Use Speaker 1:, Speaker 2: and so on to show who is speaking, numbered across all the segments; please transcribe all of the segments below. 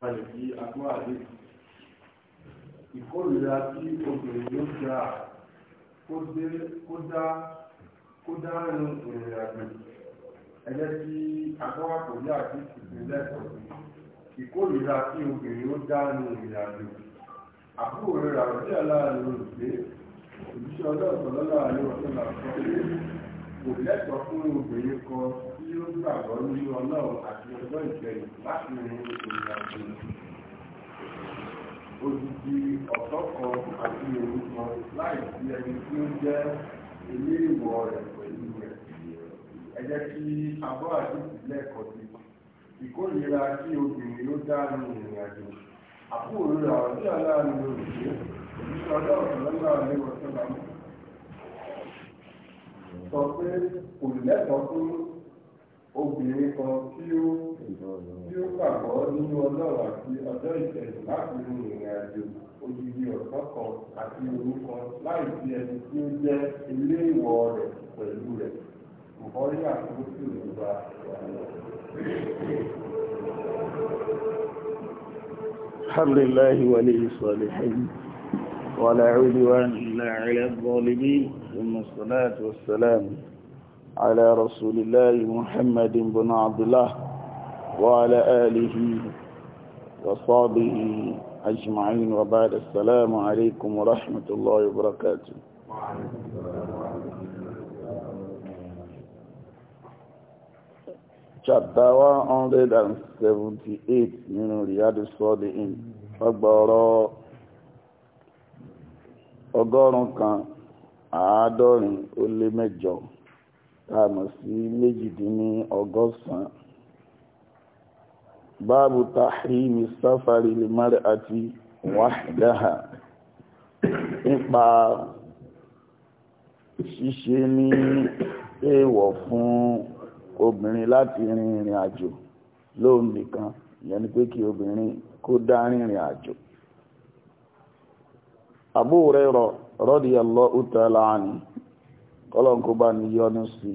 Speaker 1: balẹ̀ sí akọ́ àdé ìkórìíra tí obìnrin yóò gbà kó dá nínú ìrìn àjò ẹgbẹ́ tí akọ́ àkòrí àti ìpínlẹ̀ ọ̀sẹ̀ ìkórìíra tí obìnrin yóò dá nínú ìrìn àjò àbúrò rẹ̀ rà sí aláàrin olùgbé òjíṣẹ́ ọlọ́ọ̀tọ̀ lọ́lọ́ àlẹ́ ọ̀sẹ̀ làkọ́ pé kò lẹ́tọ̀ọ́ fún obìnrin kan ó gbàgbọ́ ní ọlọ́run àti ọjọ́ ìgbẹ̀yìn láti rìn ìrìn àjò odidi ọ̀tọ̀ kan àti òru kan láì sí ẹni tí ó jẹ́ ilé ìwọ̀ rẹ̀ pẹ̀lú rẹ̀ ẹ jẹ́ kí abọ́ àdìsí lẹ́ẹ̀kọ́ sí ìkórìíra kí obìnrin ó dánu ìrìn àjò àbúrò rẹ̀ àwọn tí aláàánú olùgbé ìṣọ̀dọ̀ ọ̀sánlá lẹ́wọ̀n sọ́dọ̀ sọ pé kò lẹ́tọ̀ọ́ fún obìnrin kan tí ó tí ó gbàgbọ́ nínú ọlọ́run àti ọjọ́ ìṣẹ̀lẹ̀ láti rin ìrìn àjò odidi ọ̀sán kan àti òru kan láì fi ẹni tí ó jẹ́ eléèwọ̀ rẹ̀ pẹ̀lú rẹ̀ ìbọ́lé àti oṣù ìjọba
Speaker 2: الحمد لله ولي الصالحين ولا عدوان إلا على الظالمين ثم الصلاة والسلام على رسول الله محمد بن عبد الله وعلى آله وصحبه أجمعين وبعد السلام عليكم ورحمة الله وبركاته chapter 178 nínú Riyadu Sọ́dìín ọgbọ̀rọ̀ ọgọ́rùn-ún kan àádọ́rin ó lé mẹ́jọ tá a mọ̀ sí méjìdínní ọgọ́sàn-án báàbù tahrimi sáfàrí lè márẹ̀ àti wàhídáhà nípa ṣíṣe ní èèwọ̀ fún obìnrin láti rin ìrìn àjò lóun nìkan ìyẹn ni pé kí obìnrin kó dá rìnrìn àjò Abu Hurairah radiyallahu ta'ala kọ́lọ̀n kó bá ní yọ́nú sí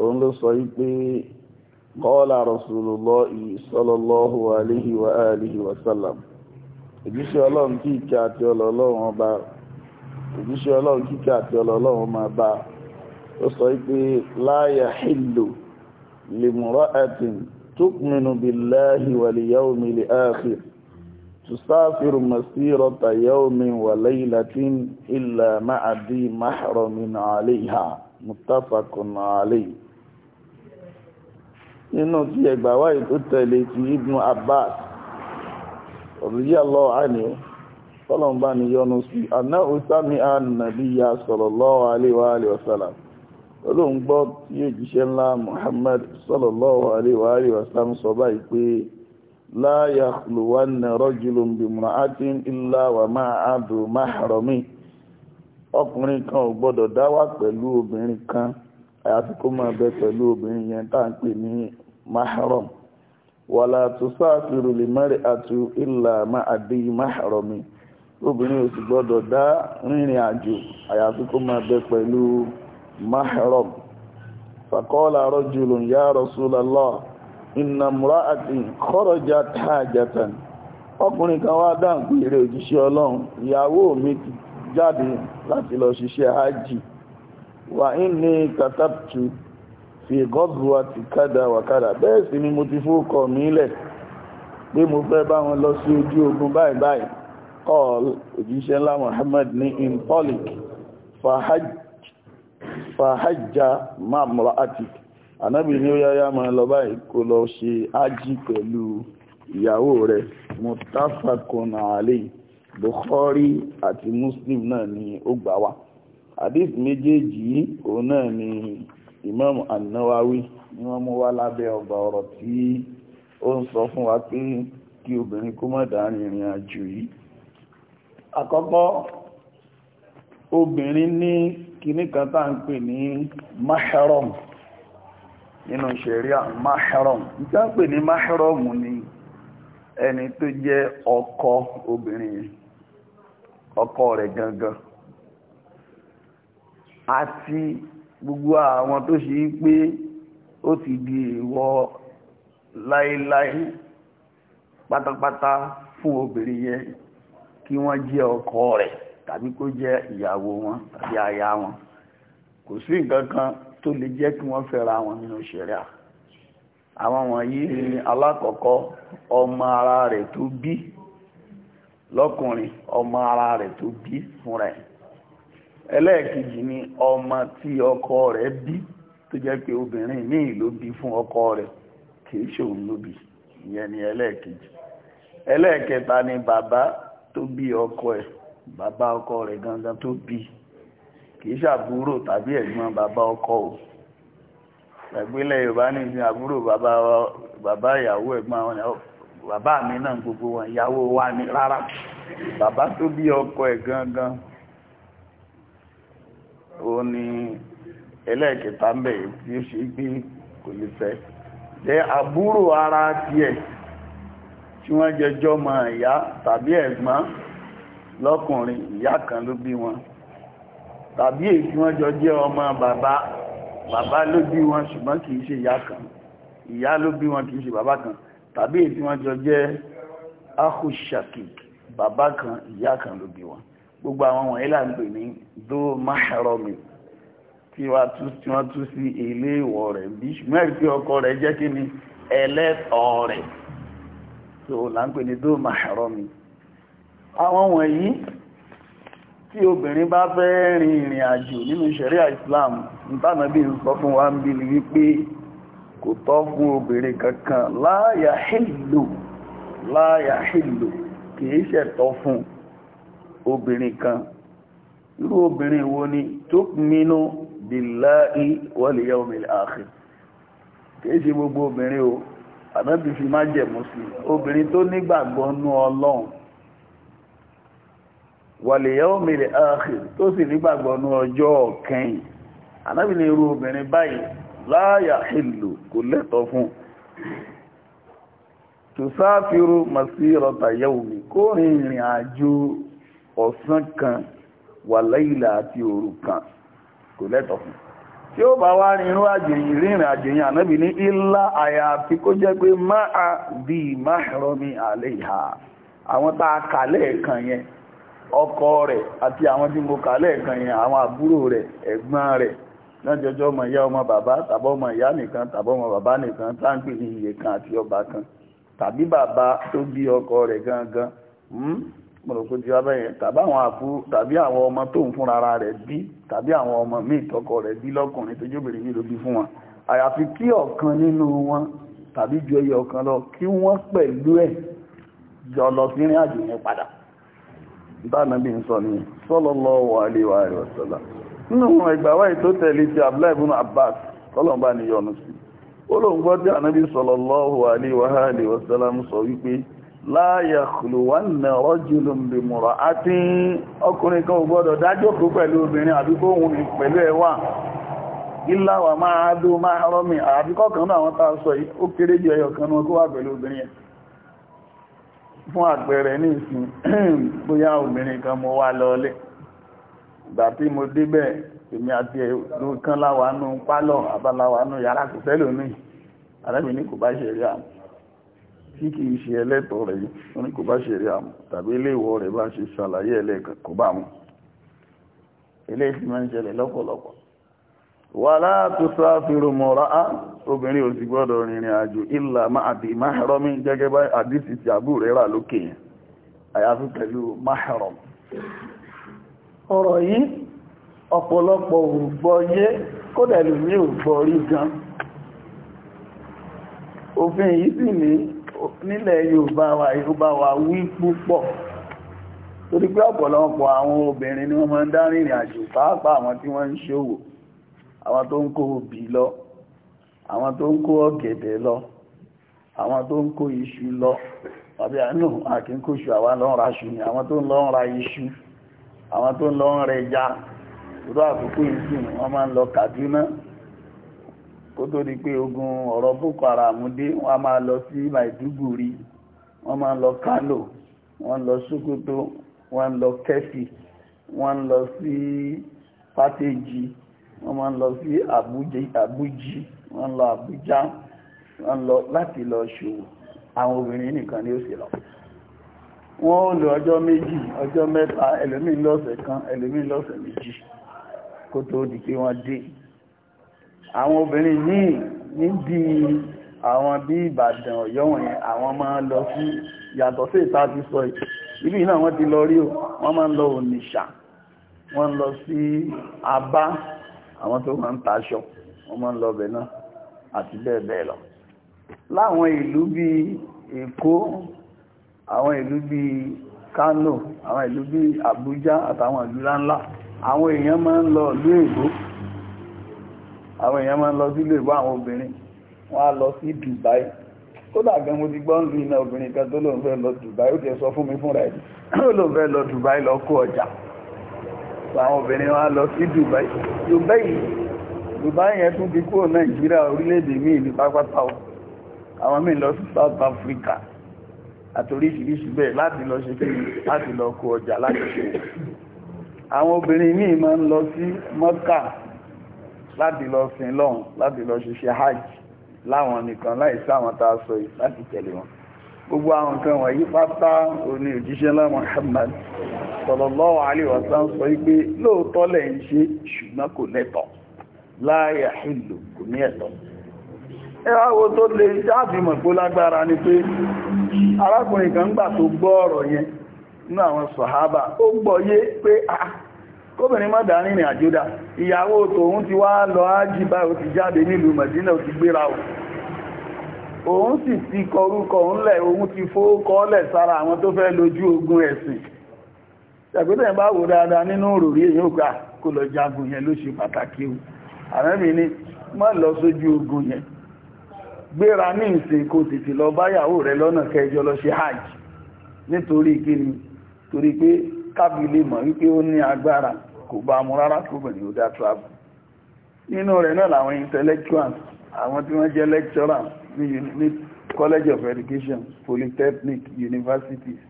Speaker 2: òun ló sọ wípé kọ́ọ̀lá Rasulullahi sallallahu alayhi wa alihi wa sallam òjíṣẹ́ ọlọ́run kíkẹ́ àti ọlọ́run ọba òjíṣẹ́ ọlọ́run kíkẹ́ àti ọlọ́run máa bá ó sọ wípé la yahillu limra'atin tu'minu billahi wal yawmil akhir تسافر مسيرة يوم وليلة إلا مع ذي محرم عليها متفق عليه nínú tí ẹgbà wáyé tó tẹ̀lé ti ibnu abbas radiyallahu anhu tọ́lọ̀n bá ní yọnu sí aná òsámi ànàbíyà sallallahu alaihi wa sallam olóògbọ́ tí yóò jíṣẹ́ ńlá muhammad sallallahu alaihi wa sallam sọ báyìí pé لا يخلون رجل بامرأة إلا وما عدو محرمي ọkùnrin kan ò gbọdọ̀ dá wà pẹ̀lú obìnrin kan àyàfi kó máa bẹ pẹ̀lú obìnrin yẹn tá à ń pè ní mahram wàlà tusafiru limar'atu illa obìnrin ò sì dá rìnrìn àjò àyàfi kó máa bẹ ya ìnàmúràtì kọ́rọ̀jà tààjàtàn ọkùnrin kan wá dáhùn pé èrè òjíṣẹ́ ọlọ́run ìyàwó mi ti jáde láti lọ ṣiṣẹ́ hajji wà ní katabtu fi gọ́ọ̀bùwà ti kádà wàkádà bẹ́ẹ̀ sì ni mo ti fókọ̀ mílẹ̀ pé mo fẹ́ bá wọn lọ sí ojú ogun báyìí báyìí ànábì ní ó yáyá máa lọ báyìí kó lọ ṣe ájí pẹ̀lú ìyàwó rẹ̀ mutafakun ali bukhari àti muslim náà ni ó gbà wá hadith méjèèjì òun náà ni imam anawawi nawawi ni wọ́n mú wá lábẹ́ ọgbà ọ̀rọ̀ tí ó ń sọ fún wa pé kí obìnrin kó má dárin ìrìn àjò yìí àkọ́kọ́ obìnrin ní kìnnìkan tá à ń pè ní mahram nínú ṣẹ̀ríà mahram ìjá pè ní mahram ni ẹni tó jẹ́ ọkọ obìnrin yẹn ọkọ rẹ̀ gangan àti gbogbo àwọn tó ṣe pé ó ti di ìwọ láíláí pátápátá fún obìnrin yẹn kí wọ́n jẹ́ ọkọ rẹ̀ tàbí kó jẹ́ ìyàwó wọn tàbí aya wọn kò sí nǹkan kan tó lè jẹ́ kí wọ́n fẹ́ra wọn nínú ṣẹ̀ríà àwọn wọ̀nyí ni alákọ̀ọ́kọ́ ọmọ ara rẹ̀ tó bí lọ́kùnrin ọmọ ara rẹ̀ tó bí fún rẹ̀ ẹlẹ́ẹ̀kejì ni ọmọ tí ọkọ rẹ̀ bí tó jẹ́ pé obìnrin míì ló bí fún ọkọ rẹ̀ kìí ṣòun ló bí ìyẹn ni ẹlẹ́ẹ̀kejì ẹlẹ́ẹ̀kẹta ni bàbá tó bí ọkọ ẹ̀ bàbá ọkọ rẹ̀ gangan tó bí kìí ṣàbúrò tàbí ẹ̀gbọ́n bàbá ọkọ o ẹ̀gbẹ́lẹ̀ yorùbá ní ìsìn àbúrò bàbá ìyàwó ẹ̀gbọ́n àwọn bàbá mi náà gbogbo wọn ìyàwó wa ni rárá bàbá tó bí ọkọ ẹ̀ gangan ó ní ẹlẹ́ẹ̀kẹta ń bẹ̀ tí ó ṣe gbé kò lè fẹ́ jẹ́ àbúrò ara tiẹ̀ tí wọ́n jẹjọ́ mọ ìyá tàbí ẹ̀gbọ́n lọ́kùnrin ìyá kan ló bí wọn tàbí èyí wọ́n jọ jẹ́ ọmọ bàbá bàbá ló bí wọn ṣùgbọ́n kìí ṣe ìyá kan ìyá ló bí wọn kìí ṣe bàbá kan tàbí èyí wọ́n jọ jẹ́ ahushakik bàbá kan ìyá kan ló bí wọn gbogbo àwọn wọ̀nyí là ń pè ní do maharomi tí wọ́n tú sí ilé ìwọ̀ rẹ̀ bí ṣùgbọ́n ẹ̀rí pé ọkọ rẹ̀ jẹ́ kí ni ẹlẹ́tọ̀ rẹ̀ so là ń pè ní do maharomi àwọn wọ̀nyí tí obìnrin bá fẹ́ rin ìrìn àjò nínú ṣẹ̀ríà Islam nítànàbí ń sọ fún wa ń bí ní wípé kò tọ́ fún obìnrin kankan láyà hìlò láyà hìlò kìí ṣẹ̀tọ́ fún obìnrin kan irú obìnrin wo ni tó mínú billahi wal yawmil akhir kìí ṣe gbogbo obìnrin o àbẹ́bí má jẹ̀mú sí obìnrin tó nígbàgbọ́ nú Ọlọ́run wàlẹ̀ yaumil akhir tó sì nígbàgbọ́ ní ọjọ́ kẹyìn anábì ní irú obìnrin báyìí láyà ìlú kò lẹ́tọ̀ fún tùsáfìrú masírọ̀tà yaumi kó rìn ìrìn àjò ọ̀sán kan wà láìlà àti òru kan kò lẹ́tọ̀ fún tí ó bá wá rin irú àjèyìn rìnrìn àjèyìn ànábì ní ilá àyàfi kó jẹ́ pé máa bí máa rọ́mí àléhà àwọn tá a kà lẹ́ẹ̀kan yẹn ọkọ rẹ̀ àti àwọn tí mo kà lẹ́ẹ̀kan yẹn àwọn àbúrò rẹ̀ ẹ̀gbọ́n rẹ̀ náà jọjọ́ ọmọ ìyá ọmọ bàbá tàbí ọmọ ìyá nìkan tàbí ọmọ bàbá nìkan táǹpì ní iye kan àti ọba kan tàbí bàbá tó bí ọkọ rẹ̀ gangan hmm? mo rò pé ti wá bẹ́yẹn tàbí àwọn àbú tàbí àwọn ọmọ tó ń fúnra ara rẹ̀ bí tàbí àwọn ọmọ míì tọkọ rẹ̀ bí lọ́kùnrin tó jóbìnrin mi ló bí fún wọn àyàfi kí ọ̀kan nínú wọn tàbí ju ẹyọ ọ̀kan lọ kí wọ́n pẹ̀lú ẹ̀ jọ lọ sí ìrìn àjò yẹn padà ìbánàbí ń sọ ní sallallahu alaihi wa sallam nínú ẹgbàwá ètò tẹ̀lé ti Abdullahi Abbas ni yọnu sí tí ànábí sallallahu alaihi wa sallam sọ wípé la yakhluwanna rajulun bi imra'atin ọkùnrin kan ò gbọ́dọ̀ dájókòó pẹ̀lú obìnrin àbí kó hun pẹ̀lú ẹwà illa wa ma'adu mahrami àbíkọ́ kan náà wọ́n ta sọ ó kéré jẹ́ fún àpẹẹrẹ ní ìsìn bóyá obìnrin kan mo wá lọlé ìgbà tí mo débẹ̀ èmi àti ẹ̀rọ kan láwánú pálọ̀ àbáláwánú yàrá kò sẹ́lòmí arábìnrin kò bá ṣe rí àmù tí kìí ṣe ẹlẹ́tọ̀ rẹ̀ ní kò bá ṣe rí àmù tàbí iléèwọ̀ rẹ̀ bá ṣe ṣàlàyé ẹlẹ́ẹ̀kan kò bá obìnrin ò sì gbọ́dọ̀ rìnrìn àjò ìlà máàdì máhẹ̀rọ́mí gẹ́gẹ́ bá àdísì ti àbú rẹ̀ rà lókè yẹn àyàfi pẹ̀lú máhẹ̀rọ́m ọ̀rọ̀ yìí ọ̀pọ̀lọpọ̀ ò gbọ́yé kódẹ̀lù ní ò gbọ́ rí gan òfin yìí sì ní nílẹ̀ Yorùbá wa Yorùbá wa wí púpọ̀ torí pé ọ̀pọ̀lọpọ̀ àwọn obìnrin ni wọ́n máa ń dá rìnrìn àjò pàápàá àwọn tí wọ́n ń ṣòwò àwọn tó ń kó obì lọ àwọn tó ń kó ọ̀gẹ̀dẹ̀ lọ àwọn tó ń kó iṣu lọ àbí àánú àkínkóṣù àwa lọ ń ra iṣu ni àwọn tó ń lọ ń ra iṣu àwọn tó ń lọ ń rẹja àkókò ìsìn wọ́n máa ń lọ Kaduna kó tó di pé ogun ọ̀rọ̀ Boko Haram dé wọ́n á máa lọ sí Maiduguri wọ́n máa ń lọ Kano wọ́n lọ Sokoto wọ́n lọ Kẹ́fì wọ́n lọ sí Pátéjì wọ́n máa ń lọ sí Àbújá wọ́n lọ Àbújá wọ́n lọ láti lọ ṣòwò àwọn obìnrin nìkan ni ó sì lọ wọ́n ó lò ọjọ́ méjì ọjọ́ mẹ́ta ẹlòmíì lọ́sẹ̀ kan ẹlòmíì lọ́sẹ̀ méjì kó tó di pé wọ́n dé àwọn obìnrin míì níbi àwọn bí Ìbàdàn Ọ̀yọ́ wọ̀nyẹn àwọn máa lọ sí yàtọ̀ sí ìta ti sọ ìlú iná wọ́n ti lọ rí o wọ́n máa ń lọ Ònìṣà wọ́n lọ sí Abá àwọn tó máa ń taṣọ wọ́n máa ń lọ bẹ̀ náà àti bẹ́ẹ̀ bẹ́ẹ̀ lọ láwọn ìlú bí Èkó àwọn ìlú bí Kánò àwọn ìlú bí Àbújá àtàwọn ìlú ńláńlá àwọn èèyàn máa ń lọ ìlú èbó àwọn èèyàn máa ń lọ sí ìlú èbó àwọn obìnrin wọ́n á lọ sí Dubai kódà gan mo ti gbọ́ ń lu iná obìnrin kan tó lóun fẹ́ lọ Dubai ó ti sọ fún mi fúnra ẹ̀ ó lóun fẹ́ lọ Dubai lọ kó ọjà àwọn obìnrin wọ́n á lọ sí Dubai Dubai Dubai yẹn tún ti kúrò Nàìjíríà orílẹ̀-èdè míì ní pápátá o àwọn míì lọ sí South Africa àti oríṣiríṣi bẹ́ẹ̀ láti lọ ṣe kí láti lọ kó ọjà láti ṣe àwọn obìnrin míì máa ń lọ sí Mọ́kà láti lọ sin lọ́hùn láti lọ ṣiṣẹ́ hajj láwọn nìkan láì sáwọn tá a sọ yìí láti tẹ̀lé wọn gbogbo àwọn nǹkan wọ̀nyí pátá òní òjíṣẹ́ ńlá Muhammad sallallahu alaihi wasallam sọ wípé lóòótọ́ lẹ̀ ń ṣe ṣùgbọ́n kò lẹ́tọ̀ọ́ láyà ìlú kò ní ẹ̀tọ́ ẹwàwó tó lè jáàfimọ̀ pó lágbára ni pé arákùnrin kan gbà tó gbọ́ ọ̀rọ̀ yẹn ní àwọn sọ̀hábà ó yé pé a kóbìnrin má dá rìnrìn àjòdà ìyàwó ti wá lọ ájíbá ti bá wò dáadáa nínú òròrí èyí àrẹ́bì ni má lọ sójú ogun yẹn gbéra ní ìsìn kò tètè lọ báyàwó rẹ lọ́nà kẹjọ lọ ṣe hajj nítorí kíni torí pé kábílì mọ̀ wípé ó ní agbára kò bá mú rárá kò ó dá travel nínú rẹ̀ náà làwọn intellectuals àwọn tí wọ́n jẹ́ lecturer ní college of education polytechnic universities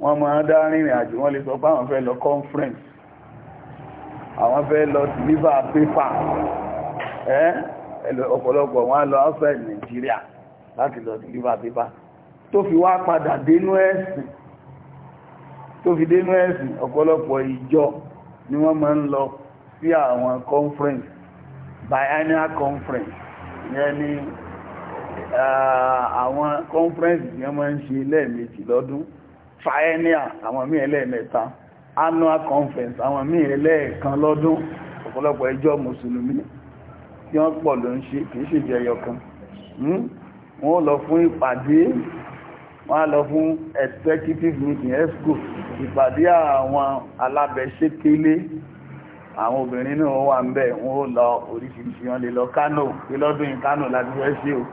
Speaker 2: wọ́n máa dá rìnrìn àjò wọ́n lè sọ pé àwọn fẹ́ lọ conference àwọn fẹ́ lọ deliver paper ẹ́ ọ̀pọ̀lọpọ̀ wọn lọ outside Nigeria láti lọ deliver paper tó fi wá padà dénú ẹ̀sìn tó fi dénú ẹ̀sìn ọ̀pọ̀lọpọ̀ ìjọ ni wọ́n máa ń lọ sí àwọn conference biannual conference yẹn ni àwọn conference yẹn máa ń ṣe lẹ́ẹ̀mejì lọ́dún triennial àwọn míì lẹ́ẹ̀mẹ́ta annual conference àwọn míì lẹ́ẹ̀kan lọ́dún ọ̀pọ̀lọpọ̀ ẹjọ́ mùsùlùmí tí wọ́n pọ̀ ló ń ṣe kìí ṣe jẹyọ kan hmm? wọ́n lọ fún ìpàdé wọ́n lọ fún executive meeting exco ìpàdé àwọn alábẹ̀ṣẹ́kélé àwọn obìnrin náà wà ń bẹ̀ wọ́n lọ oríṣiríṣi wọn lè lọ Kano pé lọ́dún yìí Kano láti fẹ́ ṣe o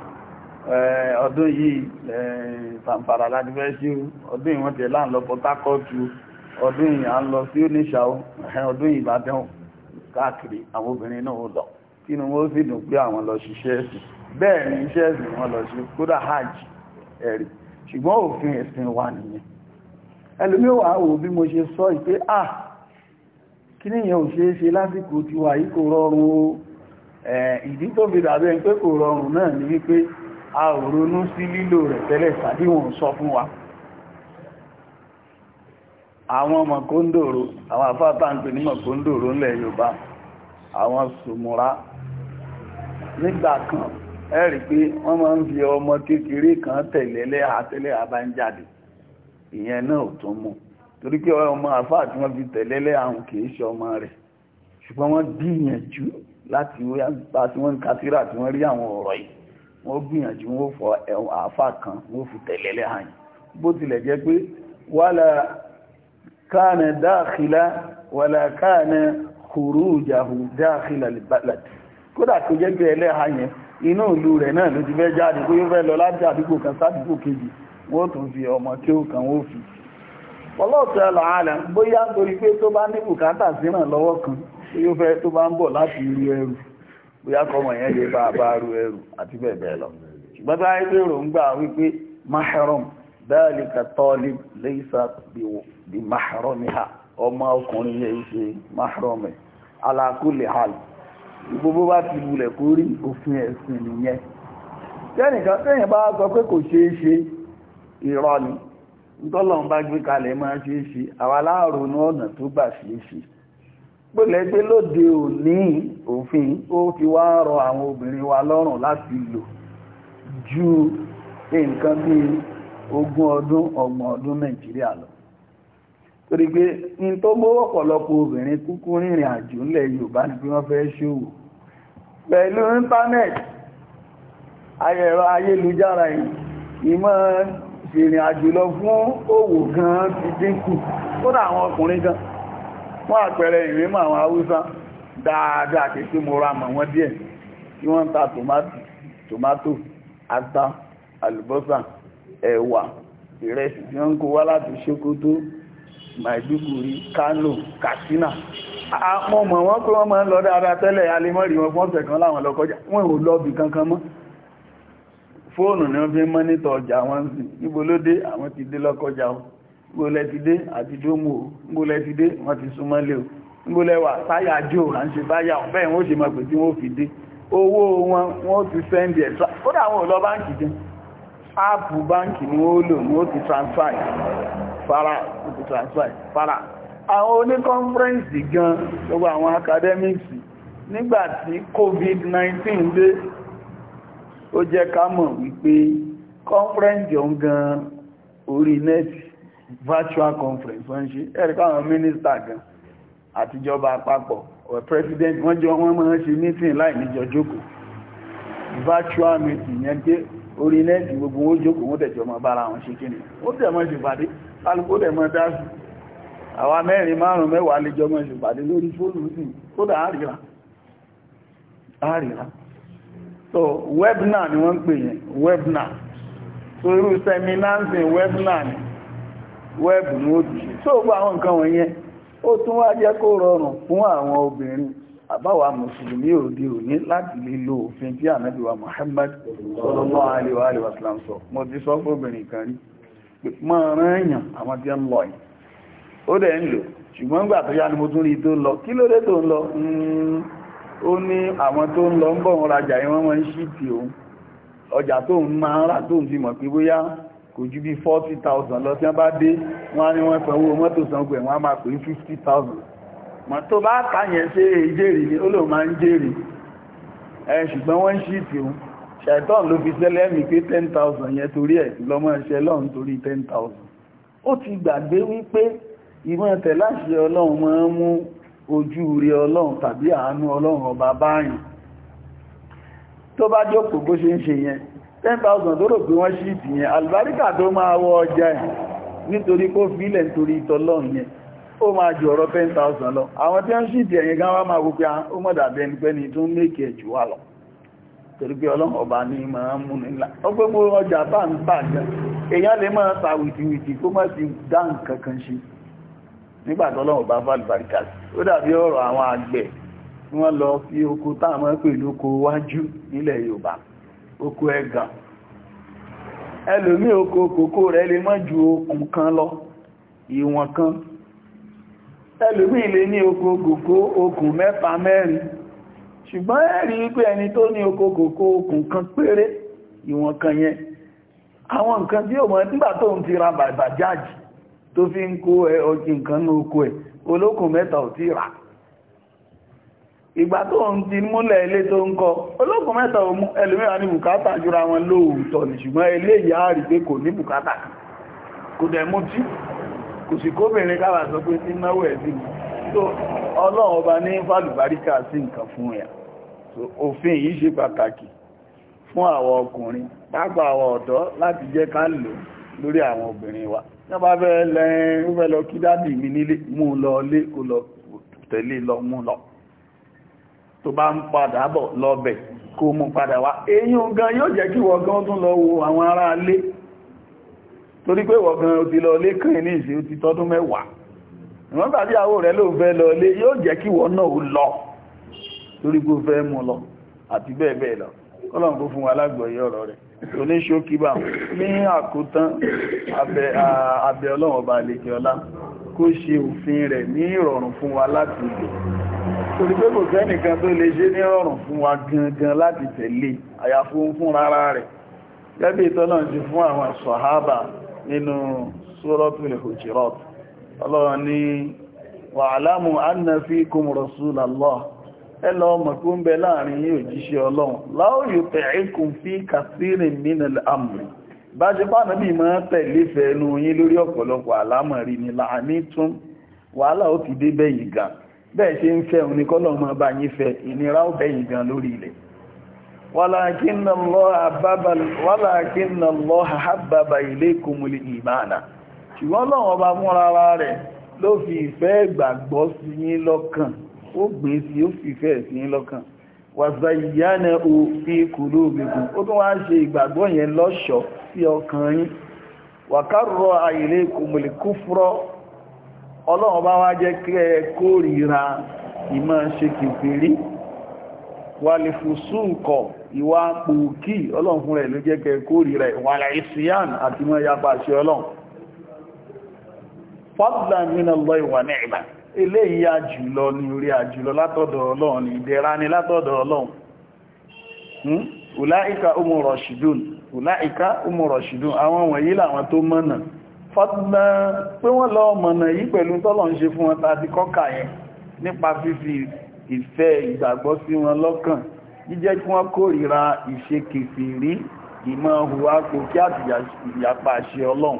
Speaker 2: eh, ọdún yìí eh, Zamfara láti fẹ́ ṣe o ọdún yìí wọ́n tẹ̀ láǹlọ Port Harcourt ọdún yìí à ń lọ sí oníṣà ó ọdún yìí Ìbàdàn káàkiri àwọn obìnrin náà lọ kí ni wọ́n sì dùn pé àwọn lọ ṣiṣẹ́ ẹ̀sìn bẹ́ẹ̀ ni iṣẹ́ ẹ̀sìn wọn lọ ṣe kódà hajj ẹ̀rì ṣùgbọ́n òfin ẹ̀sìn wà nìyẹn ẹlòmíì wà wò bí mo ṣe sọ ìpé ah kí níyẹn ò ṣeé ṣe lásìkò tiwa yìí kò rọrùn o ìdí tó fi dàbẹ́ pé kò rọrùn náà ni wípé a ò ronú sí lílò rẹ̀ tẹ́lẹ̀ tàbí wọ́n sọ fún wa àwọn mọ̀kóndòrò àwọn àfáàtà ń pè ní mọ̀kóndòrò ńlẹ̀ Yorùbá àwọn sùmùrá nígbà kan ẹ rí pé wọ́n máa ń fi ọmọ kékeré kan tẹ̀lẹ́lẹ́ àtẹ́lẹ́ àbájáde ìyẹn náà ò tún mú torí pé ọmọ àfáà tí wọ́n fi tẹ̀lẹ́lẹ́ àwọn kìí ṣe ọmọ rẹ̀ ṣùgbọ́n wọ́n gbìyànjú láti bá tí wọ́n ń katira tí wọ́n rí àwọn ọ̀rọ̀ yìí wọ́n gbìyànjú wọ́n fọ àfáà kan wọ́n fi tẹ̀lẹ́lẹ́ àyìn bó tilẹ̀ jẹ́ pé wàhálà kana dáàkìlá wala kana khurujahu dáàkìlá albalad kódà kò jẹ́ pé ẹlẹ́ha yẹn inú ìlú rẹ̀ náà ló ti fẹ́ jáde kó yóò fẹ́ lọ láti àdúgbò kan sádùgbò kejì wọ́n tún fi ọmọ tí ó kàn wó fi ọlọ́ọ̀tọ̀ àlàálà bóyá torí pé tó bá ní bùkátà síràn lọ́wọ́ kan tó yóò fẹ́ tó bá ń bọ̀ láti ẹrù bóyá kọmọ yẹn lè bá bá rú ẹrù àti bẹ́ẹ̀ bẹ́ẹ̀ lọ ṣùgbọ́n bí mahramiha ọmọ ọkùnrin yẹn ṣe mahrami ala kulli hal gbogbo bá ti wulẹ̀ kó rí òfin ẹ̀sìn nìyẹn tẹ́nìkan tẹ́yìn bá sọ pé kò ṣeé ṣe irọ́ ni tọ́lọ̀n bá gbé kalẹ̀ máa ṣe é ṣe àwa láàrùn ní ọ̀nà tó gbà ṣe é ṣe pẹ̀lẹ́ pé lóde òní òfin ó fi wá rọ àwọn obìnrin wa lọ́rùn láti lò ju nǹkan bí ogún ọdún ọgbọ̀n ọdún Nàìjíríà lọ torí pé ní tó gbówó ọ̀pọ̀lọpọ̀ obìnrin kúkú rìnrìn àjò ńlẹ̀ Yorùbá ni pé wọ́n fẹ́ ṣòwò pẹ̀lú íńtánẹ́ẹ̀tì ayẹ̀rọ ayélujára ìmọ̀ ìrìn àjò lọ fún òwò gan ti dínkù kódà àwọn ọkùnrin gan wọ́n àpẹẹrẹ ìrìnmọ̀ àwọn Haúsá dáadáa kìí tí mo ra mọ̀ wọ́n díẹ̀ tí wọ́n ń ta tòmátì tòmátò ata àlùbọ́sà ẹ̀wà ìrẹsì tí wọ́n ń kó wá láti Ṣókótó Maiduguri Kano Katsina àwọn ọmọ wọn kó wọn máa ń lọ dáadáa tẹ́lẹ̀ alimọ́rì wọn fún ọ̀sẹ̀ kan láwọn lọ́kọjá wọn ò lọ́bì kankan mọ́ fóònù ni wọ́n fi ń mọ́nítọ̀ ọjà wọn sí níbo ló dé àwọn ti dé lọ́kọjá o níbolẹ̀ ti dé àti dómù o níbolẹ̀ ti dé wọ́n ti súnmọ́ lé o níbolẹ̀ wà táyà jò ránṣẹ́ báyà o bẹ́ẹ̀ wọ́n ṣe máa pè tí wọ́n fi dé owó wọn wọ́n ti sẹ́ndì ẹ̀ kódà wọn ò lọ báǹkì jẹ́ áàpù báǹkì ni wọ́n lò ni wọ́n ti transfer fara ìpò transfer fara àwọn oníkọ́nfẹ́rẹ́nsì gan gbogbo àwọn academics nígbàtí covid-19 dé ó jẹ́ ká mọ̀ wípé conference ọ̀hún gan orí net virtual conference wọ́n ṣe ẹ̀ríkà àwọn minister gan àtijọba àpapọ̀ or president wọ́n jọ wọ́n máa ṣe meeting láì níjọ jókòó virtual meeting yẹn dé orí net gbogbo wọn jókòó wọ́n tẹ̀jọ́ mọ́ bára wọn ṣe kí ni ó tẹ̀ mọ́ ṣèpàdé alùkódẹ̀ mọ́ dáṣù àwa mẹ́rin márùn mẹ́wàá lè jọmọ́ ìṣùpàdé lórí fóònù sí kódà àríra àríra so webinar ni wọ́n ń pè yẹn webinar so irú seminancing webinar ni web ni ó ti ṣe so gbọ́ àwọn nǹkan wọ̀nyẹn ó tún wá jẹ́ kó rọrùn fún àwọn obìnrin àbáwà mùsùlùmí òde òní láti lè lo òfin tí ànábì wa Muhammad sallallahu alaihi wa sallam sọ mo ti sọ fóbìnrin kan rí mọ́ ọ̀rán èèyàn àwọn tí ń lọ yìí ó dẹ̀ ń lò ṣùgbọ́n gbà tó yá ni mo tún rí tó lọ kí ló dé tó ń lọ hmm, ó ní àwọn tó ń lọ ń bọ̀ wọn rajà yìí wọ́n máa ń ṣí ti òun ọjà tó ń máa ń rà tó ń fi mọ̀ pé bóyá kò ju bí 40,000 lọ tí wọ́n bá dé wọ́n á ní wọ́n sanwó mọ́tò sanwó wọ́n á pè 50,000 mọ̀ tó bá kàyẹ̀ ṣe èjèrè ni ó lò máa ń jèrè ẹ̀ ṣùgbọ́n wọ́n ṣí ti òun ṣẹ̀tọ́n ló fi sẹ́lẹ̀ mi pé 10,000 yẹn torí ẹ̀ lọ́mọ ẹ̀ṣẹ́ lọ́n torí 10,000 ó ti gbàgbé wípé ìmọ̀ tẹ̀láṣẹ ọlọ́run máa ń mú ojú rí ọlọ́run tàbí àánú ọlọ́run ọba báyìí tó bá jókòó bó ṣe ń ṣe yẹn 10,000 tó rò pé wọ́n ṣì tì yẹn àlùbáríkà tó máa wọ ọjà ẹ̀ nítorí kó fílẹ̀ nítorí ìtọ́lọ́run yẹn ó máa ju ọ̀rọ̀ 10,000 lọ àwọn tí wọ́n ṣì ẹ̀yìn gan wá máa wò pé pẹ́ni ah, tó ń lékè jù wá lọ torí pé ọlọ́run ọba ní máa ń múni ńlá ó pé mo ọjà bá ń tà jẹ èèyàn lè máa ta wìtìwìtì kó má ti dá nǹkan kan ṣe nígbà tó ọlọ́run ọba bá lùbáríkà sí ó dàbí ọ̀rọ̀ àwọn àgbẹ̀ tí wọ́n lọ fi oko táwọn mọ́ ju ṣùgbọ́n ẹ̀rí pé ẹni tó ní oko kòkó okùn kan péré ìwọ̀n kan yẹn àwọn nǹkan tí ó mọ̀ nígbà tó ń ti ra bàbà jáàjì tó fi ń kó ọjì nǹkan ní oko ẹ̀ olókùn mẹ́ta ò ti rà ìgbà tó ń ti múlẹ̀ ilé tó ń kọ olókùn mẹ́ta ò mú ẹlòmíràn ní bùkátà jura wọn lóòótọ́ ni ṣùgbọ́n eléyìí á rí pé kò ní bùkátà kò dẹ̀ mú tí kò sì kóbìnrin káwà sọ pé tí náwó ẹ̀ sí ọlọ́run ọba ní fàlùbáríkà sí nǹkan fún ẹ̀ òfin yìí ṣe pàtàkì fún àwọn ọkùnrin pápá àwọn ọ̀dọ́ láti jẹ́ ká lò lórí àwọn obìnrin wa wọ́n bá fẹ́ lẹ́yìn ó fẹ́ lọ kí dádì mi nílé mú lọ lé kó lọ tẹ̀lé lọ mú lọ tó bá ń padà bọ̀ lọ́bẹ̀ kó mú padà wá eyín gan yóò jẹ́ kí wọ́n gan tún lọ wo àwọn ará ilé torí pé wọ́n gan ti lọ lé kàn ní ìṣe ó ti tọ́dún mẹ́wàá ìwọ́n tàbí àwọ̀ rẹ̀ ló fẹ́ lọ lé yóò jẹ́ kí wọ́n náà lọ lórí kó fẹ́ mú lọ àti bẹ́ẹ̀ bẹ́ẹ̀ lọ kọ́lọ̀n kó fún wa lágbọ̀ọ́yé ọ̀rọ̀ rẹ̀ tó ní ṣókíbà ní àkótán abẹ́ ọlọ́run ọba àlejò ọlá kó ṣe òfin rẹ̀ ní ìrọ̀rùn fún wa láti lò torí pé kò sẹ́nìkan tó lè ṣe ní ìrọ̀rùn fún wa gangan láti tẹ̀lé àyàfó fún rárá rẹ̀ gẹ́bí ìtọ́lọ̀ ti fún àwọn sọ̀hábà nínú suratul Hujurat ọlọ́run ní wa'lamu anna fikum rasulallah ẹlọ ọmọ tó ń bẹ láàrin yín òjíṣẹ́ ọlọ́run láòyò fi katsirin nínú amri bá ṣe pàánà bí mọ́ tẹ̀lé fẹ́ẹ̀nu yín lórí ọ̀pọ̀lọpọ̀ àlámọ̀rí ni láàmì tún wàhálà ó ti dé bẹ́yìn gan bẹ́ẹ̀ ṣe ń fẹ́ òní kọ́lọ̀ mọ́ bá yín fẹ́ ìnira ó bẹ́yìn gan lórí ilẹ̀ ó gbé sí ó sí lọ́kàn wàzà o fi kùlú gbogbo ó tún wá ṣe ìgbàgbọ́ yẹn lọ́ṣọ̀ọ́ sí ọkàn yín wàkárọ̀ àìlé kòmìlì kúfúrọ́ ọlọ́run bá wá jẹ́ kí ẹ kórìíra ìmọ̀ ṣe kìfìrí wà lè fòsù ǹkọ̀ ìwà pòókì ọlọ́run fún rẹ̀ ló jẹ́ kẹ kórìíra ìsìyàn àti mọ́ ṣe ọlọ́run fadlan min Allah wa ni'ma eléyìí àjùlọ ni orí àjùlọ látọ̀dọ̀ ọlọ́run ni ìdẹ̀ra ni látọ̀dọ̀ ọlọ́run ùláìka hmm? umu rọ̀ṣìdùn ùláìka umu rọ̀ṣìdùn àwọn wọ̀nyí làwọn tó mọ̀nà fọ́tùnà pé wọ́n lọ mọ̀nà yìí pẹ̀lú tọ́lọ̀ ń ṣe fún wọn tàbí kọ́kà yẹn nípa fífi ìfẹ́ ìgbàgbọ́ sí wọn lọ́kàn jíjẹ́ kí wọ́n kórìíra ìṣekèfèrí ìmọ̀ hùwà kò kí àtìyàpàṣẹ ọlọ́run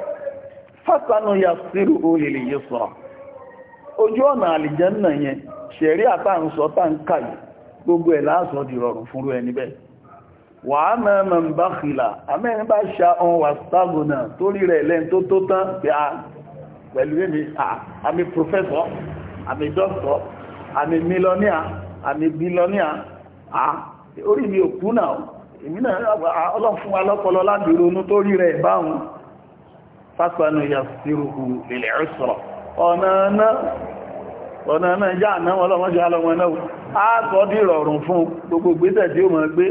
Speaker 2: fásánù ya sírù olèlè yẹ sọ́rọ̀ ojú ọ̀nà àlìjẹ́nà yẹn ṣẹ̀rí àtàǹsọ́ tàǹkà yìí gbogbo ẹ̀ láàsọ́ di rọrùn fún ẹni bẹ́ẹ̀ wà á mẹ́mẹ́ ń bá fìlà amẹ́rin bá ṣa ọun wà sáàgùnà torí rẹ̀ lẹ́n tó tó tán pẹ̀lú àmì professor àmì doctor àmì millionaire àmì billionaire orí mi ò kú náà èmi náà ọlọ́fún alọ́pọlọ láti ronú torí rẹ̀ báhùn fásánù yasiruhu lil usra ọ̀nà náà já àná wọn lọ́mọ́jú alọ́mọ náà á sọ dìrọ̀ ọ̀rùn fún gbogbo gbésẹ̀ tí ó máa gbé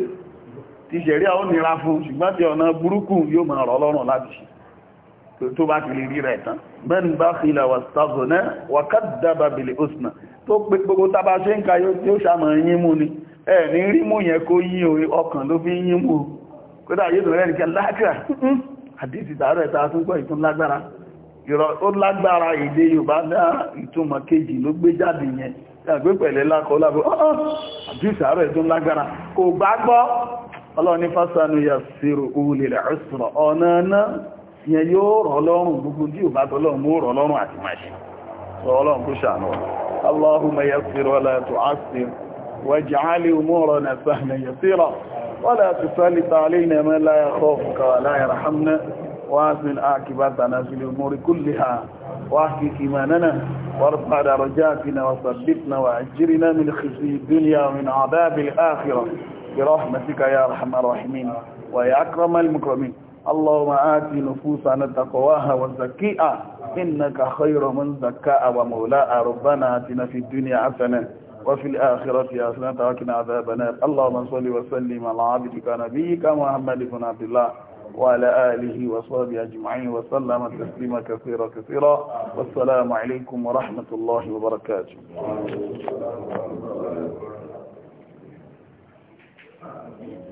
Speaker 2: ti ṣẹ̀rí àwọn nira fún ṣùgbọ́n tí ọ̀nà burúkú yóò tó bá ti rí rẹ̀ tán bẹ́ẹ̀ni bá fìlà wàstázọ̀nà wàkàdàbà bìlì òsìnà tó pé gbogbo tàbá ṣe ń ka yóò ṣàmà yín mú ni ẹ ní rí mú yẹn kó yí ọkàn ló fi yín mú kódà yóò àdísì tààrẹ tàà tún gbọ́ ìtún lágbára ó lágbára èdè Yorùbá náà ìtumọ̀ kejì ló gbé jáde yẹn tàbí pẹ̀lẹ́ lákọ lábọ́ àdísì ààrẹ tún lágbára kò bá gbọ́ ọlọ́ni fásánú yà sírò olèlẹ̀ ọ̀sọ̀rọ̀ ọ̀nà náà yẹn yóò rọ̀ lọ́rùn gbogbo tí ò bá tọ́lọ́run mú rọ̀ lọ́rùn àti ولا تسلط علينا من لا يخافك ولا يرحمنا واسم عاقبتنا في الأمور كلها واحكي إيماننا وارفع درجاتنا وثبتنا وأجرنا من خزي الدنيا ومن عذاب الآخرة برحمتك يا أرحم الراحمين ويا أكرم المكرمين اللهم آت نفوسنا تقواها وزكيها إنك خير من زكاها ومولاها ربنا آتنا في الدنيا حسنة وفي الآخرة يا سلام وقنا عذاب نار اللهم صل وسلم على عبدك نبيك محمد بن عبد الله وعلى آله وصحبه أجمعين وسلم تسليما كثيرا كثيرا والسلام عليكم ورحمة الله وبركاته